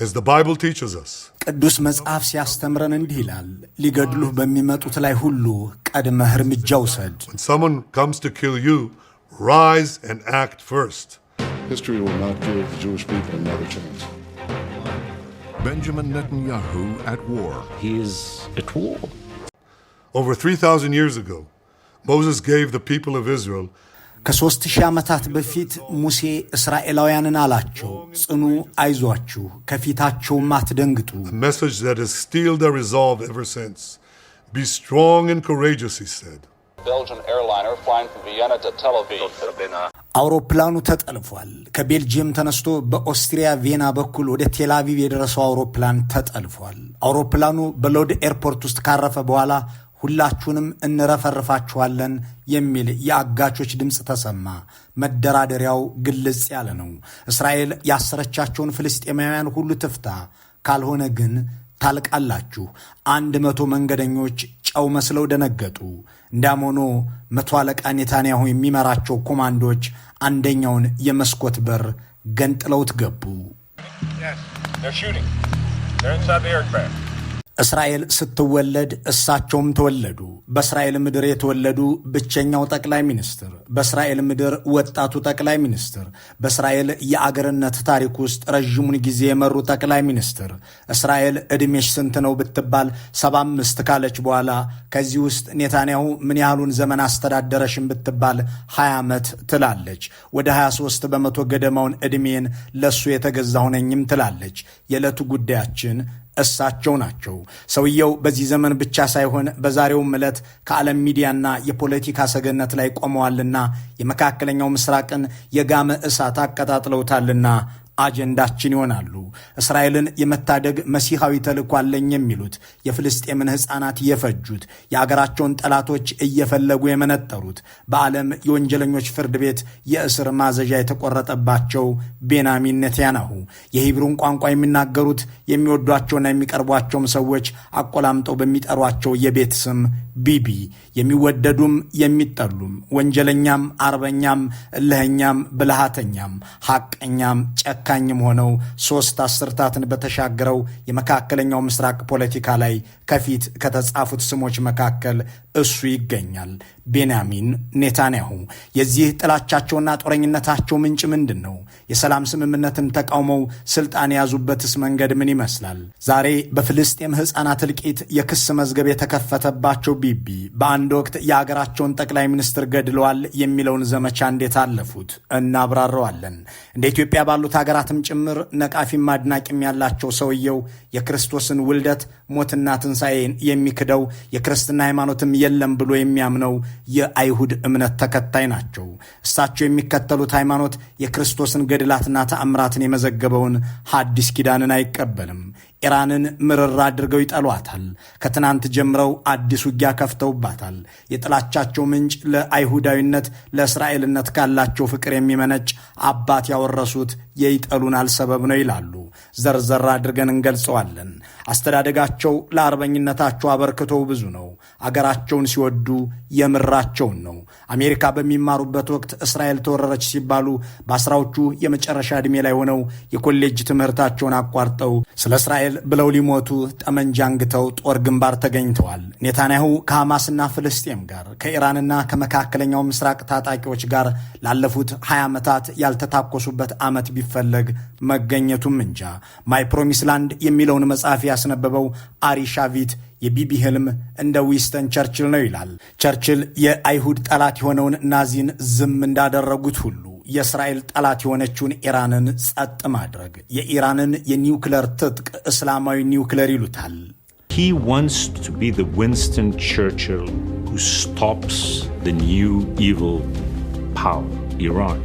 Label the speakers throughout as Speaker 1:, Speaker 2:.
Speaker 1: as the Bible teaches us. When someone comes to kill you, rise and act first.
Speaker 2: History will not give the Jewish people another chance.
Speaker 1: Benjamin Netanyahu at war.
Speaker 3: He is at war.
Speaker 1: Over 3,000 years ago, Moses gave the people of Israel ከሦስት ሺህ ዓመታት በፊት ሙሴ እስራኤላውያንን አላቸው፣ ጽኑ፣ አይዟችሁ፣ ከፊታቸውም አትደንግጡ።
Speaker 4: አውሮፕላኑ ተጠልፏል። ከቤልጅየም ተነስቶ በኦስትሪያ ቬና በኩል ወደ ቴላቪቭ የደረሰው አውሮፕላን ተጠልፏል። አውሮፕላኑ በሎድ ኤርፖርት ውስጥ ካረፈ በኋላ ሁላችሁንም እንረፈርፋችኋለን የሚል የአጋቾች ድምፅ ተሰማ። መደራደሪያው ግልጽ ያለ ነው። እስራኤል ያሰረቻቸውን ፍልስጤማውያን ሁሉ ትፍታ፣ ካልሆነ ግን ታልቃላችሁ። አንድ መቶ መንገደኞች ጨው መስለው ደነገጡ። እንዳም ሆኖ መቶ አለቃ ኔታንያሁ የሚመራቸው ኮማንዶች አንደኛውን የመስኮት በር ገንጥለውት ገቡ። እስራኤል ስትወለድ እሳቸውም ተወለዱ። በእስራኤል ምድር የተወለዱ ብቸኛው ጠቅላይ ሚኒስትር፣ በእስራኤል ምድር ወጣቱ ጠቅላይ ሚኒስትር፣ በእስራኤል የአገርነት ታሪክ ውስጥ ረዥሙን ጊዜ የመሩ ጠቅላይ ሚኒስትር። እስራኤል ዕድሜሽ ስንት ነው ብትባል ሰባ አምስት ካለች በኋላ ከዚህ ውስጥ ኔታንያሁ ምን ያህሉን ዘመን አስተዳደረሽን ብትባል ሀያ ዓመት ትላለች። ወደ 23 በመቶ ገደማውን ዕድሜን ለእሱ የተገዛሁ ነኝም ትላለች። የዕለቱ ጉዳያችን እሳቸው ናቸው። ሰውየው በዚህ ዘመን ብቻ ሳይሆን በዛሬውም ዕለት ከዓለም ሚዲያና የፖለቲካ ሰገነት ላይ ቆመዋልና የመካከለኛው ምስራቅን የጋመ እሳት አቀጣጥለውታልና አጀንዳችን ይሆናሉ። እስራኤልን የመታደግ መሲሐዊ ተልእኮ አለኝ የሚሉት የፍልስጤምን ሕፃናት የፈጁት የአገራቸውን ጠላቶች እየፈለጉ የመነጠሩት በዓለም የወንጀለኞች ፍርድ ቤት የእስር ማዘዣ የተቆረጠባቸው ቤንያሚን ኔታንያሁ የሂብሩን ቋንቋ የሚናገሩት የሚወዷቸውና የሚቀርቧቸውም ሰዎች አቆላምጠው በሚጠሯቸው የቤት ስም ቢቢ የሚወደዱም የሚጠሉም ወንጀለኛም፣ አርበኛም፣ እልህኛም፣ ብልሃተኛም፣ ሐቀኛም፣ ጨካ አማካኝም ሆነው ሶስት አስርታትን በተሻገረው የመካከለኛው ምስራቅ ፖለቲካ ላይ ከፊት ከተጻፉት ስሞች መካከል እሱ ይገኛል። ቤንያሚን ኔታንያሁ። የዚህ ጥላቻቸውና ጦረኝነታቸው ምንጭ ምንድን ነው? የሰላም ስምምነትን ተቃውመው ስልጣን የያዙበትስ መንገድ ምን ይመስላል? ዛሬ በፍልስጤም ሕፃናት እልቂት የክስ መዝገብ የተከፈተባቸው ቢቢ በአንድ ወቅት የአገራቸውን ጠቅላይ ሚኒስትር ገድለዋል የሚለውን ዘመቻ እንዴት አለፉት? እናብራረዋለን። እንደ ኢትዮጵያ ባሉት ሀገራት ሀገራትም ጭምር ነቃፊም አድናቂም ያላቸው ሰውየው የክርስቶስን ውልደት ሞትና ትንሣኤን የሚክደው የክርስትና ሃይማኖትም የለም ብሎ የሚያምነው የአይሁድ እምነት ተከታይ ናቸው። እሳቸው የሚከተሉት ሃይማኖት የክርስቶስን ገድላትና ተአምራትን የመዘገበውን ሐዲስ ኪዳንን አይቀበልም። ኢራንን ምርር አድርገው ይጠሏታል። ከትናንት ጀምረው አዲስ ውጊያ ከፍተውባታል። የጥላቻቸው ምንጭ ለአይሁዳዊነት፣ ለእስራኤልነት ካላቸው ፍቅር የሚመነጭ አባት ያወረሱት የይጠሉናል ሰበብ ነው ይላሉ። ዘርዘር አድርገን እንገልጸዋለን። አስተዳደጋቸው ለአርበኝነታቸው አበርክቶው ብዙ ነው። አገራቸውን ሲወዱ የምራቸውን ነው። አሜሪካ በሚማሩበት ወቅት እስራኤል ተወረረች ሲባሉ በአስራዎቹ የመጨረሻ ዕድሜ ላይ ሆነው የኮሌጅ ትምህርታቸውን አቋርጠው ስለ እስራኤል እስራኤል ብለው ሊሞቱ ጠመንጃ አንግተው ጦር ግንባር ተገኝተዋል። ኔታንያሁ ከሐማስና ፍልስጤም ጋር ከኢራንና ከመካከለኛው ምስራቅ ታጣቂዎች ጋር ላለፉት 20 ዓመታት ያልተታኮሱበት ዓመት ቢፈለግ መገኘቱም እንጃ። ማይ ፕሮሚስ ላንድ የሚለውን መጽሐፍ ያስነበበው አሪ ሻቪት የቢቢ ህልም እንደ ዊስተን ቸርችል ነው ይላል። ቸርችል የአይሁድ ጠላት የሆነውን ናዚን ዝም እንዳደረጉት ሁሉ የእስራኤል ጠላት የሆነችውን ኢራንን ጸጥ ማድረግ። የኢራንን የኒውክለር ትጥቅ እስላማዊ ኒውክለር ይሉታል።
Speaker 3: He wants to be the Winston Churchill who stops the new evil power, Iran.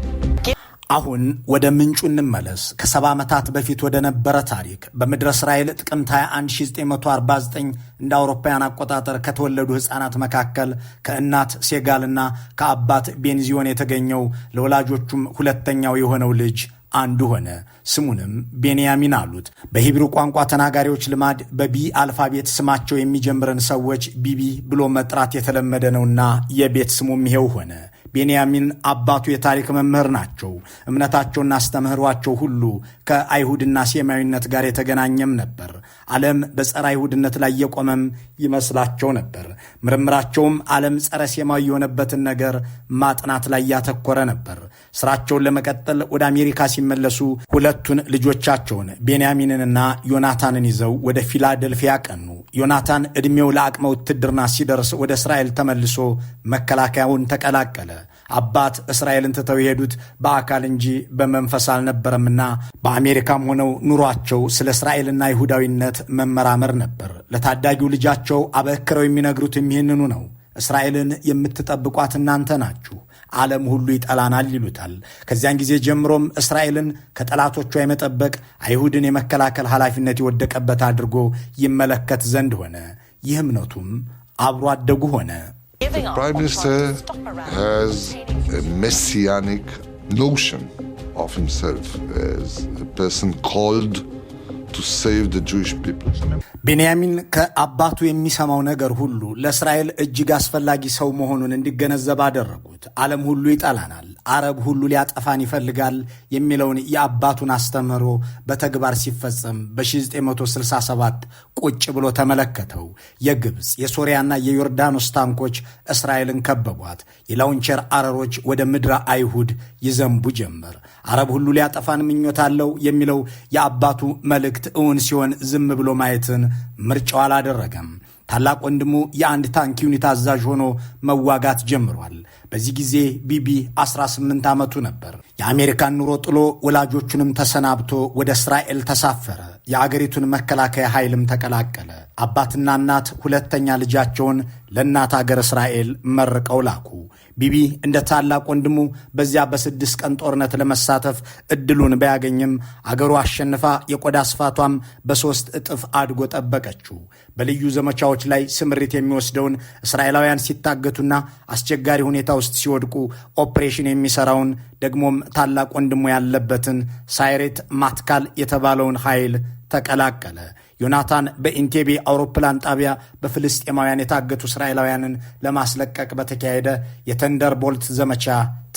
Speaker 4: አሁን ወደ ምንጩ እንመለስ። ከሰባ ዓመታት በፊት ወደ ነበረ ታሪክ በምድረ እስራኤል ጥቅምት 21 1949 እንደ አውሮፓውያን አቆጣጠር ከተወለዱ ሕፃናት መካከል ከእናት ሴጋልና ከአባት ቤንዚዮን የተገኘው ለወላጆቹም ሁለተኛው የሆነው ልጅ አንዱ ሆነ። ስሙንም ቤንያሚን አሉት። በሂብሩ ቋንቋ ተናጋሪዎች ልማድ በቢ አልፋቤት ስማቸው የሚጀምረን ሰዎች ቢቢ ብሎ መጥራት የተለመደ ነውና የቤት ስሙም ይሄው ሆነ። ቤንያሚን አባቱ የታሪክ መምህር ናቸው። እምነታቸውና አስተምህሯቸው ሁሉ ከአይሁድና ሴማዊነት ጋር የተገናኘም ነበር። ዓለም በጸረ አይሁድነት ላይ የቆመም ይመስላቸው ነበር። ምርምራቸውም ዓለም ጸረ ሴማዊ የሆነበትን ነገር ማጥናት ላይ ያተኮረ ነበር። ስራቸውን ለመቀጠል ወደ አሜሪካ ሲመለሱ ሁለቱን ልጆቻቸውን ቤንያሚንንና ዮናታንን ይዘው ወደ ፊላደልፊያ ቀኑ። ዮናታን ዕድሜው ለአቅመ ውትድርና ሲደርስ ወደ እስራኤል ተመልሶ መከላከያውን ተቀላቀለ። አባት እስራኤልን ትተው የሄዱት በአካል እንጂ በመንፈስ አልነበረምና በአሜሪካም ሆነው ኑሯቸው ስለ እስራኤልና ይሁዳዊነት መመራመር ነበር። ለታዳጊው ልጃቸው አበክረው የሚነግሩት ይህንኑ ነው። እስራኤልን የምትጠብቋት እናንተ ናችሁ፣ ዓለም ሁሉ ይጠላናል ይሉታል። ከዚያን ጊዜ ጀምሮም እስራኤልን ከጠላቶቿ የመጠበቅ አይሁድን የመከላከል ኃላፊነት የወደቀበት አድርጎ ይመለከት ዘንድ ሆነ። ይህ እምነቱም አብሮ አደጉ ሆነ። the Prime Minister
Speaker 1: has a messianic notion of himself as a person called
Speaker 4: ቤንያሚን ከአባቱ የሚሰማው ነገር ሁሉ ለእስራኤል እጅግ አስፈላጊ ሰው መሆኑን እንዲገነዘብ አደረጉት። ዓለም ሁሉ ይጠላናል፣ አረብ ሁሉ ሊያጠፋን ይፈልጋል የሚለውን የአባቱን አስተምህሮ በተግባር ሲፈጸም በ1967 ቁጭ ብሎ ተመለከተው። የግብፅ የሶሪያና የዮርዳኖስ ታንኮች እስራኤልን ከበቧት። የላውንቸር አረሮች ወደ ምድረ አይሁድ ይዘንቡ ጀመር። አረብ ሁሉ ሊያጠፋን ምኞት አለው የሚለው የአባቱ መልእክት መልእክት እውን ሲሆን ዝም ብሎ ማየትን ምርጫው አላደረገም። ታላቅ ወንድሙ የአንድ ታንክ ዩኒት አዛዥ ሆኖ መዋጋት ጀምሯል። በዚህ ጊዜ ቢቢ 18 ዓመቱ ነበር። የአሜሪካን ኑሮ ጥሎ ወላጆቹንም ተሰናብቶ ወደ እስራኤል ተሳፈረ። የአገሪቱን መከላከያ ኃይልም ተቀላቀለ። አባትና እናት ሁለተኛ ልጃቸውን ለእናት አገር እስራኤል መርቀው ላኩ። ቢቢ እንደ ታላቅ ወንድሙ በዚያ በስድስት ቀን ጦርነት ለመሳተፍ እድሉን ባያገኝም አገሩ አሸንፋ የቆዳ ስፋቷም በሦስት እጥፍ አድጎ ጠበቀችው። በልዩ ዘመቻዎች ላይ ስምሪት የሚወስደውን እስራኤላውያን ሲታገቱና አስቸጋሪ ሁኔታ ውስጥ ሲወድቁ ኦፕሬሽን የሚሰራውን ደግሞም ታላቅ ወንድሙ ያለበትን ሳይሬት ማትካል የተባለውን ኃይል ተቀላቀለ። ዮናታን በኢንቴቤ አውሮፕላን ጣቢያ በፍልስጤማውያን የታገቱ እስራኤላውያንን ለማስለቀቅ በተካሄደ የተንደር ቦልት ዘመቻ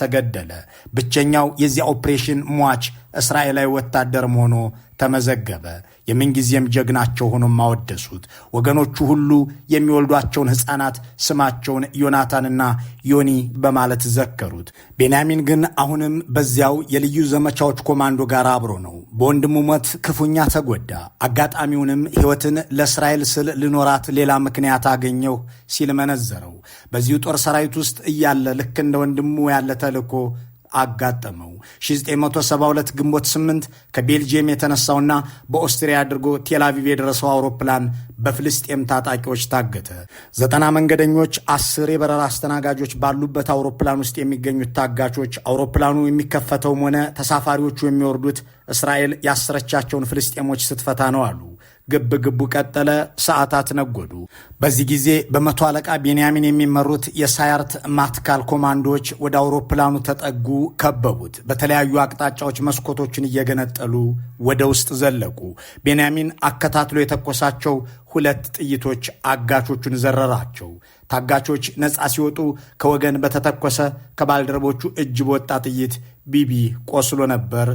Speaker 4: ተገደለ። ብቸኛው የዚያ ኦፕሬሽን ሟች እስራኤላዊ ወታደርም ሆኖ ተመዘገበ። የምንጊዜም ጀግናቸው ሆኖም አወደሱት። ወገኖቹ ሁሉ የሚወልዷቸውን ሕፃናት ስማቸውን ዮናታንና ዮኒ በማለት ዘከሩት። ቤንያሚን ግን አሁንም በዚያው የልዩ ዘመቻዎች ኮማንዶ ጋር አብሮ ነው። በወንድሙ ሞት ክፉኛ ተጎዳ። አጋጣሚውንም ሕይወትን ለእስራኤል ስል ልኖራት ሌላ ምክንያት አገኘሁ ሲል መነዘረው። በዚሁ ጦር ሰራዊት ውስጥ እያለ ልክ እንደ ወንድሙ ያለ ተልእኮ አጋጠመው። ሺ972 ግንቦት 8 ከቤልጅየም የተነሳውና በኦስትሪያ አድርጎ ቴላቪቭ የደረሰው አውሮፕላን በፍልስጤም ታጣቂዎች ታገተ። ዘጠና መንገደኞች፣ አስር የበረራ አስተናጋጆች ባሉበት አውሮፕላን ውስጥ የሚገኙት ታጋቾች አውሮፕላኑ የሚከፈተውም ሆነ ተሳፋሪዎቹ የሚወርዱት እስራኤል ያሰረቻቸውን ፍልስጤሞች ስትፈታ ነው አሉ። ግብ ግቡ ቀጠለ። ሰዓታት ነጎዱ። በዚህ ጊዜ በመቶ አለቃ ቤንያሚን የሚመሩት የሳያርት ማትካል ኮማንዶዎች ወደ አውሮፕላኑ ተጠጉ፣ ከበቡት። በተለያዩ አቅጣጫዎች መስኮቶችን እየገነጠሉ ወደ ውስጥ ዘለቁ። ቤንያሚን አከታትሎ የተኮሳቸው ሁለት ጥይቶች አጋቾቹን ዘረራቸው። ታጋቾች ነፃ ሲወጡ ከወገን በተተኮሰ ከባልደረቦቹ እጅ በወጣ ጥይት ቢቢ ቆስሎ ነበር፣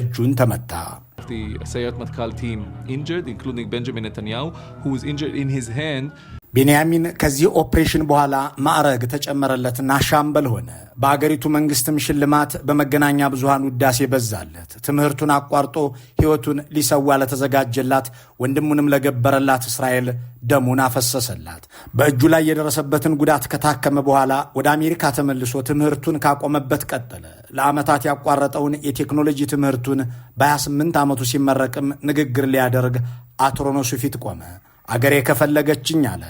Speaker 4: እጁን ተመታ።
Speaker 5: The Sayat Matkal team injured, including Benjamin Netanyahu, who was injured in his hand
Speaker 4: ቤንያሚን ከዚህ ኦፕሬሽን በኋላ ማዕረግ ተጨመረለትና ሻምበል ሆነ። በአገሪቱ መንግስትም ሽልማት፣ በመገናኛ ብዙሃን ውዳሴ በዛለት። ትምህርቱን አቋርጦ ሕይወቱን ሊሰዋ ለተዘጋጀላት ወንድሙንም ለገበረላት እስራኤል ደሙን አፈሰሰላት። በእጁ ላይ የደረሰበትን ጉዳት ከታከመ በኋላ ወደ አሜሪካ ተመልሶ ትምህርቱን ካቆመበት ቀጠለ። ለዓመታት ያቋረጠውን የቴክኖሎጂ ትምህርቱን በ28 ዓመቱ ሲመረቅም ንግግር ሊያደርግ አትሮኖሱ ፊት ቆመ። አገሬ ከፈለገችኝ አለ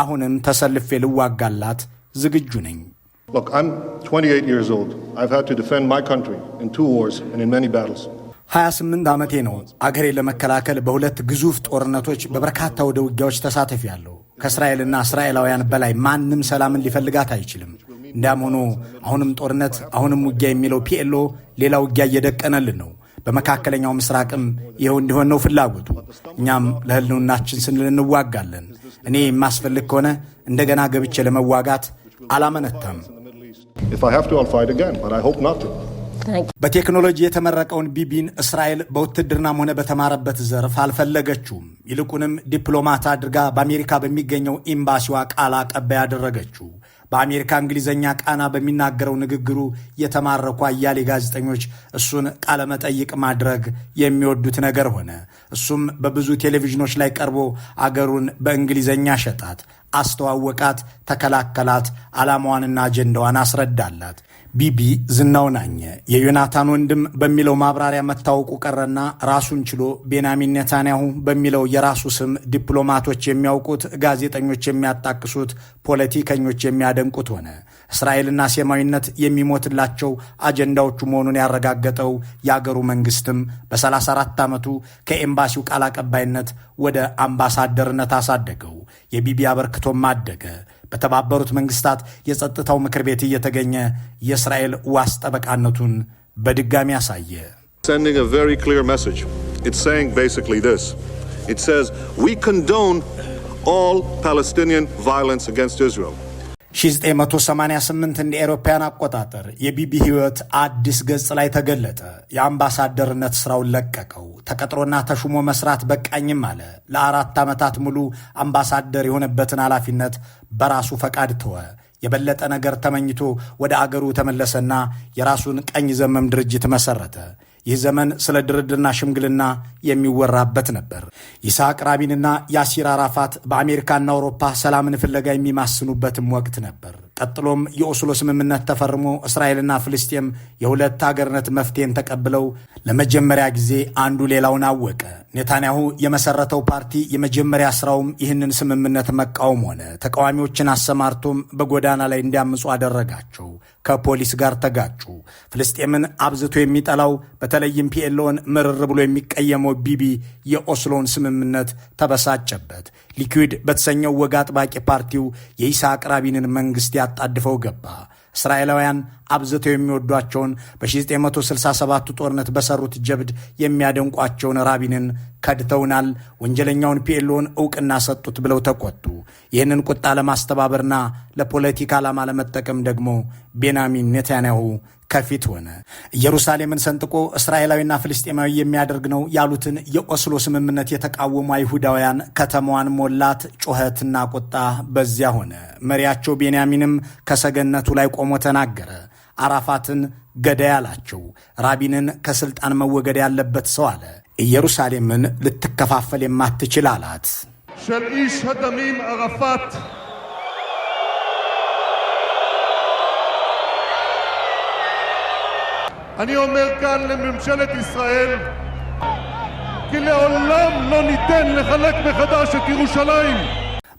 Speaker 4: አሁንም ተሰልፌ ልዋጋላት ዝግጁ ነኝ። ሀያ ስምንት ዓመቴ ነው። አገሬ ለመከላከል በሁለት ግዙፍ ጦርነቶች በበርካታ ወደ ውጊያዎች ያለው። ከእስራኤልና እስራኤላውያን በላይ ማንም ሰላምን ሊፈልጋት አይችልም። እንዲያም ሆኖ አሁንም ጦርነት፣ አሁንም ውጊያ የሚለው ፒኤሎ ሌላ ውጊያ እየደቀነልን ነው። በመካከለኛው ምስራቅም ይኸው እንዲሆን ነው ፍላጎቱ። እኛም ለህልውናችን ስንል እንዋጋለን። እኔ የማስፈልግ ከሆነ እንደገና ገብቼ ለመዋጋት አላመነታም። በቴክኖሎጂ የተመረቀውን ቢቢን እስራኤል በውትድርናም ሆነ በተማረበት ዘርፍ አልፈለገችውም። ይልቁንም ዲፕሎማት አድርጋ በአሜሪካ በሚገኘው ኤምባሲዋ ቃል አቀባይ ያደረገችው በአሜሪካ እንግሊዝኛ ቃና በሚናገረው ንግግሩ የተማረኩ አያሌ ጋዜጠኞች እሱን ቃለመጠይቅ ማድረግ የሚወዱት ነገር ሆነ። እሱም በብዙ ቴሌቪዥኖች ላይ ቀርቦ አገሩን በእንግሊዝኛ ሸጣት። አስተዋወቃት፣ ተከላከላት፣ ዓላማዋንና አጀንዳዋን አስረዳላት። ቢቢ ዝናውን አኘ። የዮናታን ወንድም በሚለው ማብራሪያ መታወቁ ቀረና ራሱን ችሎ ቤንያሚን ኔታንያሁ በሚለው የራሱ ስም ዲፕሎማቶች የሚያውቁት፣ ጋዜጠኞች የሚያጣቅሱት፣ ፖለቲከኞች የሚያደንቁት ሆነ። እስራኤልና ሴማዊነት የሚሞትላቸው አጀንዳዎቹ መሆኑን ያረጋገጠው የአገሩ መንግስትም በ34 ዓመቱ ከኤምባሲው ቃል አቀባይነት ወደ አምባሳደርነት አሳደገው። የቢቢ አበርክቶም አደገ። በተባበሩት መንግስታት የጸጥታው ምክር ቤት እየተገኘ የእስራኤል ዋስ ጠበቃነቱን በድጋሚ አሳየ። It says, we condone all Palestinian violence 1988 እንደ ኤሮፓያን አቆጣጠር የቢቢ ህይወት አዲስ ገጽ ላይ ተገለጠ። የአምባሳደርነት ስራውን ለቀቀው። ተቀጥሮና ተሹሞ መስራት በቃኝም አለ። ለአራት ዓመታት ሙሉ አምባሳደር የሆነበትን ኃላፊነት በራሱ ፈቃድ ተወ። የበለጠ ነገር ተመኝቶ ወደ አገሩ ተመለሰና የራሱን ቀኝ ዘመም ድርጅት መሰረተ። ይህ ዘመን ስለ ድርድርና ሽምግልና የሚወራበት ነበር። ይስሐቅ ራቢንና ያሲር አራፋት በአሜሪካና አውሮፓ ሰላምን ፍለጋ የሚማስኑበትም ወቅት ነበር። ቀጥሎም የኦስሎ ስምምነት ተፈርሞ እስራኤልና ፍልስጤም የሁለት ሀገርነት መፍትሄን ተቀብለው ለመጀመሪያ ጊዜ አንዱ ሌላውን አወቀ። ኔታንያሁ የመሰረተው ፓርቲ የመጀመሪያ ስራውም ይህንን ስምምነት መቃወም ሆነ። ተቃዋሚዎችን አሰማርቶም በጎዳና ላይ እንዲያምፁ አደረጋቸው። ከፖሊስ ጋር ተጋጩ። ፍልስጤምን አብዝቶ የሚጠላው በተለይም ፒኤሎን ምርር ብሎ የሚቀየመው ቢቢ የኦስሎን ስምምነት ተበሳጨበት። ሊኩድ በተሰኘው ወግ አጥባቂ ፓርቲው የኢሳ አቅራቢንን መንግስት ያጣድፈው ገባ። እስራኤላውያን አብዝተው የሚወዷቸውን በ1967ቱ ጦርነት በሰሩት ጀብድ የሚያደንቋቸውን ራቢንን ከድተውናል፣ ወንጀለኛውን ፒኤሎን እውቅና ሰጡት ብለው ተቆጡ። ይህንን ቁጣ ለማስተባበርና ለፖለቲካ ዓላማ ለመጠቀም ደግሞ ቤንያሚን ኔታንያሁ ከፊት ሆነ። ኢየሩሳሌምን ሰንጥቆ እስራኤላዊና ፍልስጤማዊ የሚያደርግ ነው ያሉትን የኦስሎ ስምምነት የተቃወሙ አይሁዳውያን ከተማዋን ሞላት። ጩኸትና ቁጣ በዚያ ሆነ። መሪያቸው ቤንያሚንም ከሰገነቱ ላይ ቆሞ ተናገረ። አራፋትን ገዳይ አላቸው። ራቢንን ከስልጣን መወገድ ያለበት ሰው አለ። ኢየሩሳሌምን ልትከፋፈል የማትችል አላት። ሸልኢሽ ሀደሚም አራፋት אני אומר כאן לממשלת ישראל, כי לעולם לא ניתן לחלק מחדש את ירושלים.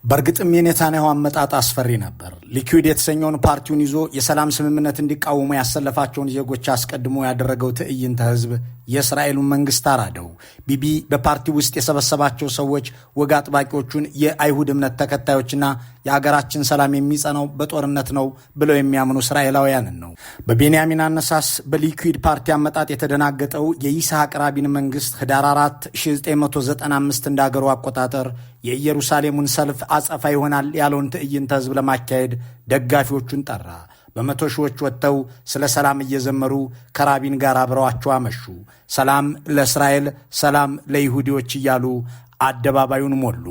Speaker 4: በእርግጥም የኔታንያሁ አመጣጥ አስፈሪ ነበር። ሊኩድ የተሰኘውን ፓርቲውን ይዞ የሰላም ስምምነት እንዲቃወሙ ያሰለፋቸውን ዜጎች አስቀድሞ ያደረገው ትዕይንተ ህዝብ የእስራኤሉን መንግስት አራደው። ቢቢ በፓርቲ ውስጥ የሰበሰባቸው ሰዎች ወግ አጥባቂዎቹን የአይሁድ እምነት ተከታዮችና የአገራችን ሰላም የሚጸናው በጦርነት ነው ብለው የሚያምኑ እስራኤላውያንን ነው። በቤንያሚን አነሳስ በሊኩድ ፓርቲ አመጣጥ የተደናገጠው የይስሐቅ ራቢን መንግስት ህዳር 4 1995 እንደ አገሩ አቆጣጠር የኢየሩሳሌሙን ሰልፍ አጸፋ ይሆናል ያለውን ትዕይንተ ህዝብ ለማካሄድ ደጋፊዎቹን ጠራ። በመቶ ሺዎች ወጥተው ስለ ሰላም እየዘመሩ ከራቢን ጋር አብረዋቸው አመሹ። ሰላም ለእስራኤል፣ ሰላም ለይሁዲዎች እያሉ አደባባዩን ሞሉ።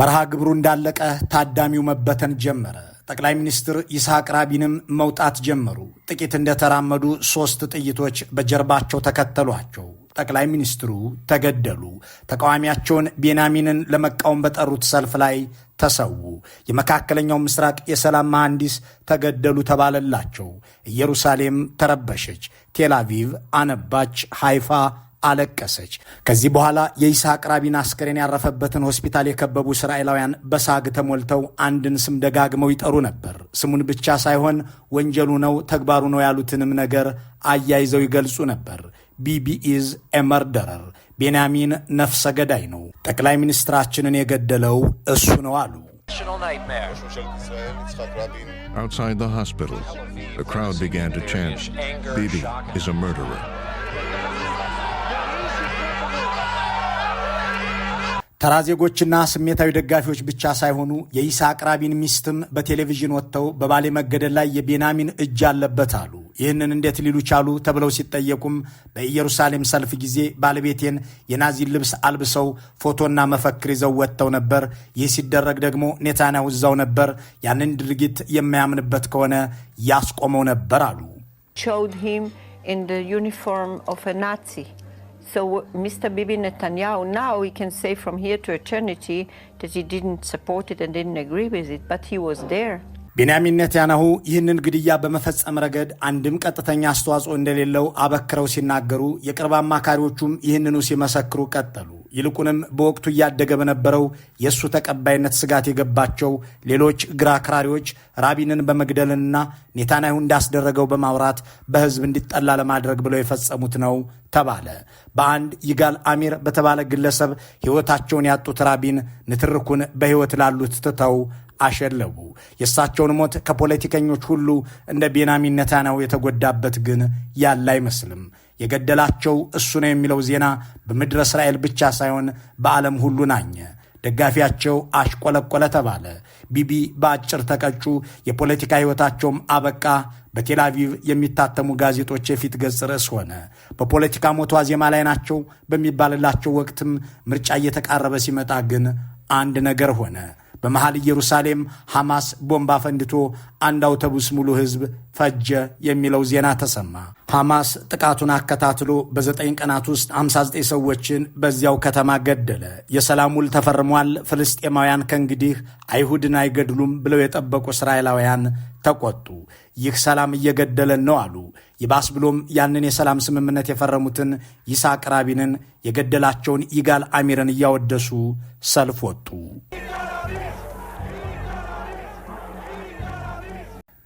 Speaker 4: መርሃ ግብሩ እንዳለቀ ታዳሚው መበተን ጀመረ። ጠቅላይ ሚኒስትር ይስሐቅ ራቢንም መውጣት ጀመሩ። ጥቂት እንደተራመዱ ሦስት ጥይቶች በጀርባቸው ተከተሏቸው። ጠቅላይ ሚኒስትሩ ተገደሉ። ተቃዋሚያቸውን ቤንያሚንን ለመቃወም በጠሩት ሰልፍ ላይ ተሰዉ። የመካከለኛው ምስራቅ የሰላም መሐንዲስ ተገደሉ ተባለላቸው። ኢየሩሳሌም ተረበሸች። ቴል አቪቭ አነባች። ሃይፋ አለቀሰች። ከዚህ በኋላ የይስሐቅ ራቢን አስክሬን ያረፈበትን ሆስፒታል የከበቡ እስራኤላውያን በሳግ ተሞልተው አንድን ስም ደጋግመው ይጠሩ ነበር። ስሙን ብቻ ሳይሆን ወንጀሉ ነው፣ ተግባሩ ነው ያሉትንም ነገር አያይዘው ይገልጹ ነበር። ቢቢ ኢዝ ቤንያሚን ነፍሰ ገዳይ ነው፣ ጠቅላይ ሚኒስትራችንን የገደለው እሱ ነው አሉ። Outside the hospital, a crowd began to chant, Bibi is a murderer. ተራ ዜጎችና ስሜታዊ ደጋፊዎች ብቻ ሳይሆኑ የኢሳ ራቢን ሚስትም በቴሌቪዥን ወጥተው በባሌ መገደል ላይ የቤንያሚን እጅ አለበት አሉ። ይህንን እንዴት ሊሉ ቻሉ ተብለው ሲጠየቁም በኢየሩሳሌም ሰልፍ ጊዜ ባለቤቴን የናዚ ልብስ አልብሰው ፎቶና መፈክር ይዘው ወጥተው ነበር። ይህ ሲደረግ ደግሞ ኔታንያሁ እዛው ነበር። ያንን ድርጊት የማያምንበት ከሆነ ያስቆመው ነበር አሉ። So Mr. Bibi Netanyahu, now we can say from here to eternity that he didn't support it and didn't agree with it, but he was there. ቤንያሚን ኔታንያሁ ይህንን ግድያ በመፈጸም ረገድ አንድም ቀጥተኛ አስተዋጽኦ እንደሌለው አበክረው ሲናገሩ፣ የቅርብ አማካሪዎቹም ይህንኑ ሲመሰክሩ ቀጠሉ። ይልቁንም በወቅቱ እያደገ በነበረው የእሱ ተቀባይነት ስጋት የገባቸው ሌሎች ግራ አክራሪዎች ራቢንን በመግደልና ኔታንያሁ እንዳስደረገው በማውራት በህዝብ እንዲጠላ ለማድረግ ብለው የፈጸሙት ነው ተባለ። በአንድ ይጋል አሚር በተባለ ግለሰብ ሕይወታቸውን ያጡት ራቢን ንትርኩን በሕይወት ላሉት ትተው አሸለቡ። የእሳቸውን ሞት ከፖለቲከኞች ሁሉ እንደ ቤንያሚን ኔታንያሁ የተጎዳበት ግን ያለ አይመስልም። የገደላቸው እሱ ነው የሚለው ዜና በምድረ እስራኤል ብቻ ሳይሆን በዓለም ሁሉ ናኘ። ደጋፊያቸው አሽቆለቆለ ተባለ። ቢቢ በአጭር ተቀጩ። የፖለቲካ ሕይወታቸውም አበቃ። በቴላቪቭ የሚታተሙ ጋዜጦች የፊት ገጽ ርዕስ ሆነ። በፖለቲካ ሞት ዋዜማ ላይ ናቸው በሚባልላቸው ወቅትም ምርጫ እየተቃረበ ሲመጣ ግን አንድ ነገር ሆነ። በመሃል ኢየሩሳሌም ሐማስ ቦምብ አፈንድቶ አንድ አውቶቡስ ሙሉ ሕዝብ ፈጀ የሚለው ዜና ተሰማ። ሐማስ ጥቃቱን አከታትሎ በዘጠኝ ቀናት ውስጥ 59 ሰዎችን በዚያው ከተማ ገደለ። የሰላም ውል ተፈርሟል፣ ፍልስጤማውያን ከእንግዲህ አይሁድን አይገድሉም ብለው የጠበቁ እስራኤላውያን ተቆጡ። ይህ ሰላም እየገደለን ነው አሉ። ይባስ ብሎም ያንን የሰላም ስምምነት የፈረሙትን ይስሐቅ ራቢንን የገደላቸውን ይጋል አሚርን እያወደሱ ሰልፍ ወጡ።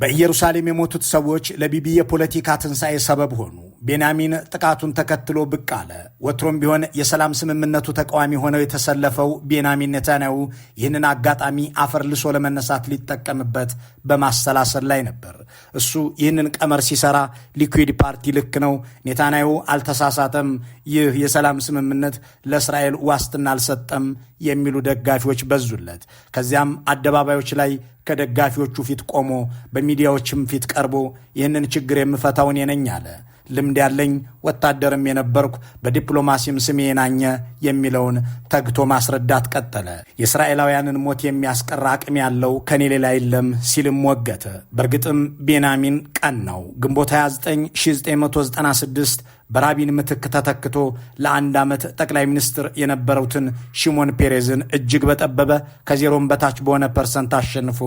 Speaker 4: በኢየሩሳሌም የሞቱት ሰዎች ለቢቢ የፖለቲካ ትንሣኤ ሰበብ ሆኑ። ቤንያሚን ጥቃቱን ተከትሎ ብቅ አለ። ወትሮም ቢሆን የሰላም ስምምነቱ ተቃዋሚ ሆነው የተሰለፈው ቤንያሚን ኔታንያሁ ይህንን አጋጣሚ አፈር ልሶ ለመነሳት ሊጠቀምበት በማሰላሰል ላይ ነበር። እሱ ይህንን ቀመር ሲሰራ ሊኩዊድ ፓርቲ ልክ ነው፣ ኔታንያሁ አልተሳሳተም፣ ይህ የሰላም ስምምነት ለእስራኤል ዋስትና አልሰጠም የሚሉ ደጋፊዎች በዙለት። ከዚያም አደባባዮች ላይ ከደጋፊዎቹ ፊት ቆሞ በሚዲያዎችም ፊት ቀርቦ ይህንን ችግር የምፈታውን የነኝ አለ። ልምድ ያለኝ ወታደርም የነበርኩ በዲፕሎማሲም ስም የናኘ የሚለውን ተግቶ ማስረዳት ቀጠለ። የእስራኤላውያንን ሞት የሚያስቀራ አቅም ያለው ከኔ ሌላ የለም ሲልም ወገተ። በእርግጥም ቤንያሚን ቀን ነው። ግንቦት 29 1996 በራቢን ምትክ ተተክቶ ለአንድ ዓመት ጠቅላይ ሚኒስትር የነበረውትን ሺሞን ፔሬዝን እጅግ በጠበበ ከዜሮም በታች በሆነ ፐርሰንት አሸንፎ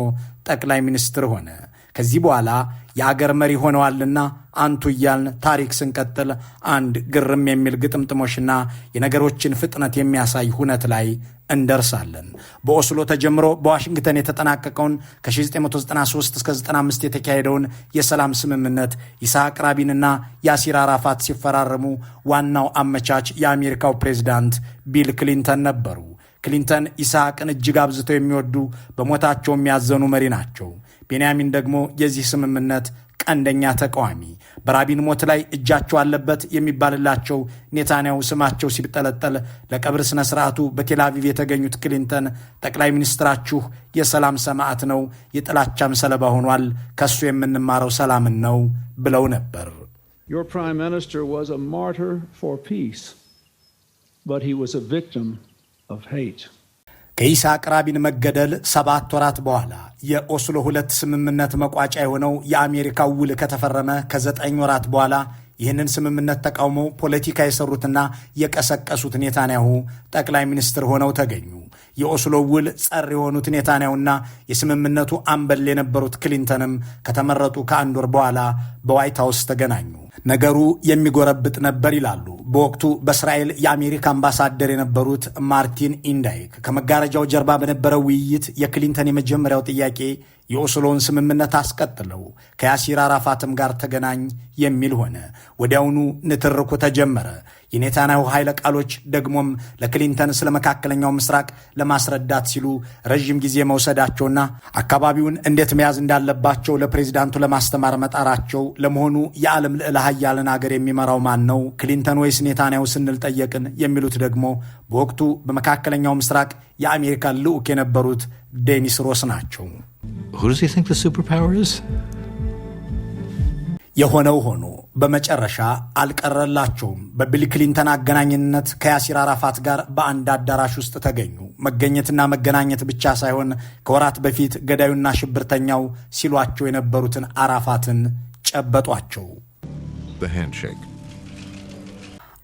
Speaker 4: ጠቅላይ ሚኒስትር ሆነ። ከዚህ በኋላ የአገር መሪ ሆነዋልና አንቱ እያልን ታሪክ ስንቀጥል አንድ ግርም የሚል ግጥምጥሞሽና የነገሮችን ፍጥነት የሚያሳይ ሁነት ላይ እንደርሳለን። በኦስሎ ተጀምሮ በዋሽንግተን የተጠናቀቀውን ከ1993 እስከ 95 የተካሄደውን የሰላም ስምምነት ይስሐቅ ራቢንና ያሲር አራፋት ሲፈራረሙ ዋናው አመቻች የአሜሪካው ፕሬዚዳንት ቢል ክሊንተን ነበሩ። ክሊንተን ይስሐቅን እጅግ አብዝተው የሚወዱ በሞታቸው የሚያዘኑ መሪ ናቸው። ቤንያሚን ደግሞ የዚህ ስምምነት ቀንደኛ ተቃዋሚ በራቢን ሞት ላይ እጃቸው አለበት የሚባልላቸው ኔታንያሁ ስማቸው ሲጠለጠል ለቀብር ስነ ስርዓቱ በቴልአቪቭ የተገኙት ክሊንተን ጠቅላይ ሚኒስትራችሁ የሰላም ሰማዕት ነው፣ የጥላቻም ሰለባ ሆኗል፣ ከሱ የምንማረው ሰላምን ነው ብለው ነበር። Your prime minister was a martyr ከይስሐቅ ራቢን መገደል ሰባት ወራት በኋላ የኦስሎ ሁለት ስምምነት መቋጫ የሆነው የአሜሪካ ውል ከተፈረመ ከዘጠኝ ወራት በኋላ ይህንን ስምምነት ተቃውመው ፖለቲካ የሰሩትና የቀሰቀሱት ኔታንያሁ ጠቅላይ ሚኒስትር ሆነው ተገኙ። የኦስሎ ውል ጸር የሆኑት ኔታንያሁና የስምምነቱ አምበል የነበሩት ክሊንተንም ከተመረጡ ከአንድ ወር በኋላ በዋይት ሀውስ ተገናኙ። ነገሩ የሚጎረብጥ ነበር ይላሉ በወቅቱ በእስራኤል የአሜሪካ አምባሳደር የነበሩት ማርቲን ኢንዳይክ። ከመጋረጃው ጀርባ በነበረው ውይይት የክሊንተን የመጀመሪያው ጥያቄ የኦስሎን ስምምነት አስቀጥለው ከያሲር አራፋትም ጋር ተገናኝ የሚል ሆነ። ወዲያውኑ ንትርኩ ተጀመረ። የኔታንያሁ ኃይለ ቃሎች ደግሞም ለክሊንተን ስለ መካከለኛው ምስራቅ ለማስረዳት ሲሉ ረዥም ጊዜ መውሰዳቸውና አካባቢውን እንዴት መያዝ እንዳለባቸው ለፕሬዚዳንቱ ለማስተማር መጣራቸው ለመሆኑ የዓለም ልዕለ ሀያልን አገር የሚመራው ማን ነው ክሊንተን ወይስ ኔታንያሁ ስንል ጠየቅን የሚሉት ደግሞ በወቅቱ በመካከለኛው ምስራቅ የአሜሪካን ልዑክ የነበሩት ዴኒስ ሮስ ናቸው። የሆነው ሆኖ በመጨረሻ አልቀረላቸውም። በቢል ክሊንተን አገናኝነት ከያሲር አራፋት ጋር በአንድ አዳራሽ ውስጥ ተገኙ። መገኘትና መገናኘት ብቻ ሳይሆን ከወራት በፊት ገዳዩና ሽብርተኛው ሲሏቸው የነበሩትን አራፋትን ጨበጧቸው።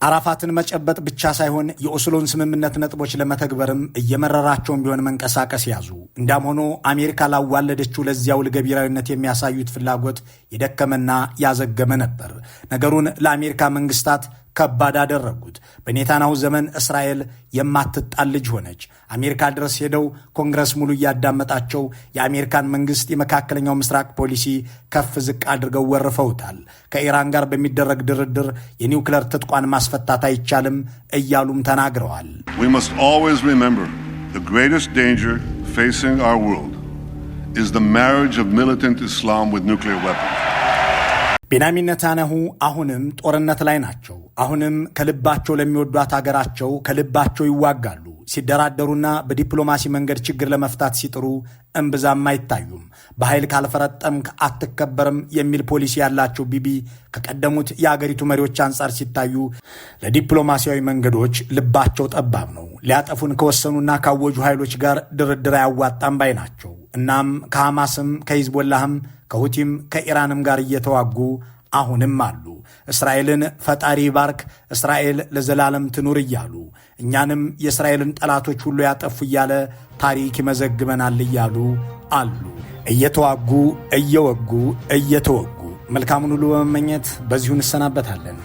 Speaker 4: አራፋትን መጨበጥ ብቻ ሳይሆን የኦስሎን ስምምነት ነጥቦች ለመተግበርም እየመረራቸውን ቢሆን መንቀሳቀስ ያዙ። እንዳም ሆኖ አሜሪካ ላዋለደችው ለዚያው ልገቢራዊነት የሚያሳዩት ፍላጎት የደከመና ያዘገመ ነበር። ነገሩን ለአሜሪካ መንግስታት ከባድ አደረጉት። በኔታናሁ ዘመን እስራኤል የማትጣል ልጅ ሆነች። አሜሪካ ድረስ ሄደው ኮንግረስ ሙሉ እያዳመጣቸው የአሜሪካን መንግስት የመካከለኛው ምስራቅ ፖሊሲ ከፍ ዝቅ አድርገው ወርፈውታል። ከኢራን ጋር በሚደረግ ድርድር የኒውክለር ትጥቋን ማስፈታት አይቻልም እያሉም ተናግረዋል። ሪመምበር ቤንያሚን ኔታንያሁ አሁንም ጦርነት ላይ ናቸው። አሁንም ከልባቸው ለሚወዷት አገራቸው ከልባቸው ይዋጋሉ። ሲደራደሩና በዲፕሎማሲ መንገድ ችግር ለመፍታት ሲጥሩ እምብዛም አይታዩም። በኃይል ካልፈረጠምክ አትከበርም የሚል ፖሊሲ ያላቸው ቢቢ ከቀደሙት የአገሪቱ መሪዎች አንጻር ሲታዩ ለዲፕሎማሲያዊ መንገዶች ልባቸው ጠባብ ነው። ሊያጠፉን ከወሰኑና ካወጁ ኃይሎች ጋር ድርድር አያዋጣም ባይ ናቸው። እናም ከሐማስም ከሂዝቦላህም ከሁቲም ከኢራንም ጋር እየተዋጉ አሁንም አሉ። እስራኤልን ፈጣሪ ባርክ፣ እስራኤል ለዘላለም ትኑር እያሉ እኛንም የእስራኤልን ጠላቶች ሁሉ ያጠፉ እያለ ታሪክ ይመዘግበናል እያሉ አሉ። እየተዋጉ እየወጉ እየተወጉ መልካሙን ሁሉ በመመኘት በዚሁ እንሰናበታለን።